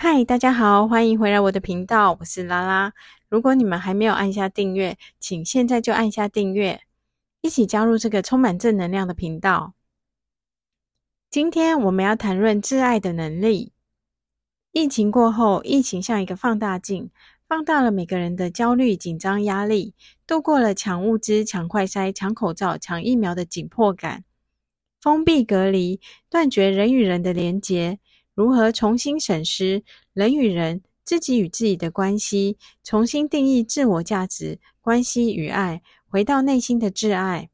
嗨，大家好，歡迎回來我的頻道，我是拉拉。如果你們還沒有按下訂閱，請現在就按下訂閱，一起加入這個充滿正能量的頻道。今天我們要談論自愛的能力。疫情過後，疫情像一個放大鏡，放大了每個人的焦慮、緊張、壓力，度過了搶物資、搶快篩、搶口罩、搶疫苗的緊迫感，封閉隔離，斷絕人與人的連結。如何重新審思人與人、自己與自己的關係，重新定義自我價值、關係與愛，回到內心的自愛？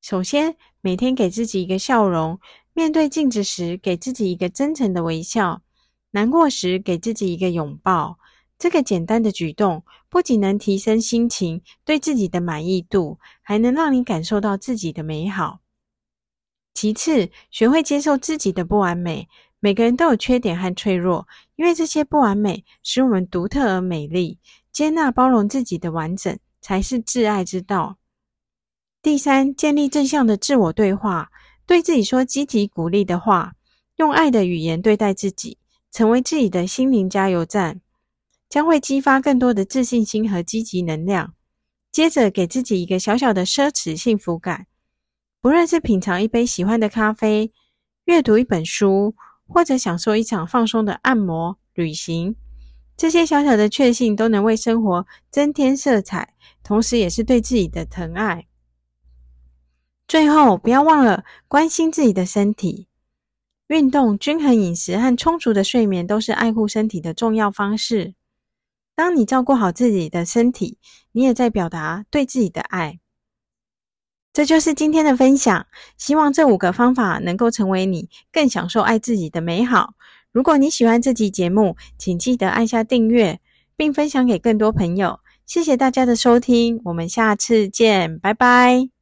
首先，每天給自己一個笑容，面對鏡子時，給自己一個真誠的微笑；難過時，給自己一個擁抱。這個簡單的舉動不僅能提升心情，對自己的滿意度，還能讓你感受到自己的美好。其次，學會接受自己的不完美。每個人都有缺點和脆弱，因為這些不完美使我們獨特而美麗。接納、包容自己的完整，才是自愛之道。第三，建立正向的自我對話，對自己說積極、鼓勵的話，用愛的語言對待自己，成為自己的心靈加油站，將會激發更多的自信心和積極能量。接着，給自己一個小小的奢侈幸福感，不論是品嘗一杯喜歡的咖啡，閱讀一本書。或者享受一場放鬆的按摩旅行，這些小小的確幸，都能為生活增添色彩，同時也是對自己的疼愛。最後，不要忘了關心自己的身體，運動、均衡飲食和充足的睡眠都是愛護身體的重要方式。當你照顧好自己的身體，你也在表達對自己的愛。這就是今天的分享，希望這五個方法能夠成為你更享受愛自己的美好。如果你喜歡這集節目，請記得按下訂閱，並分享給更多朋友。謝謝大家的收聽，我們下次見，拜拜。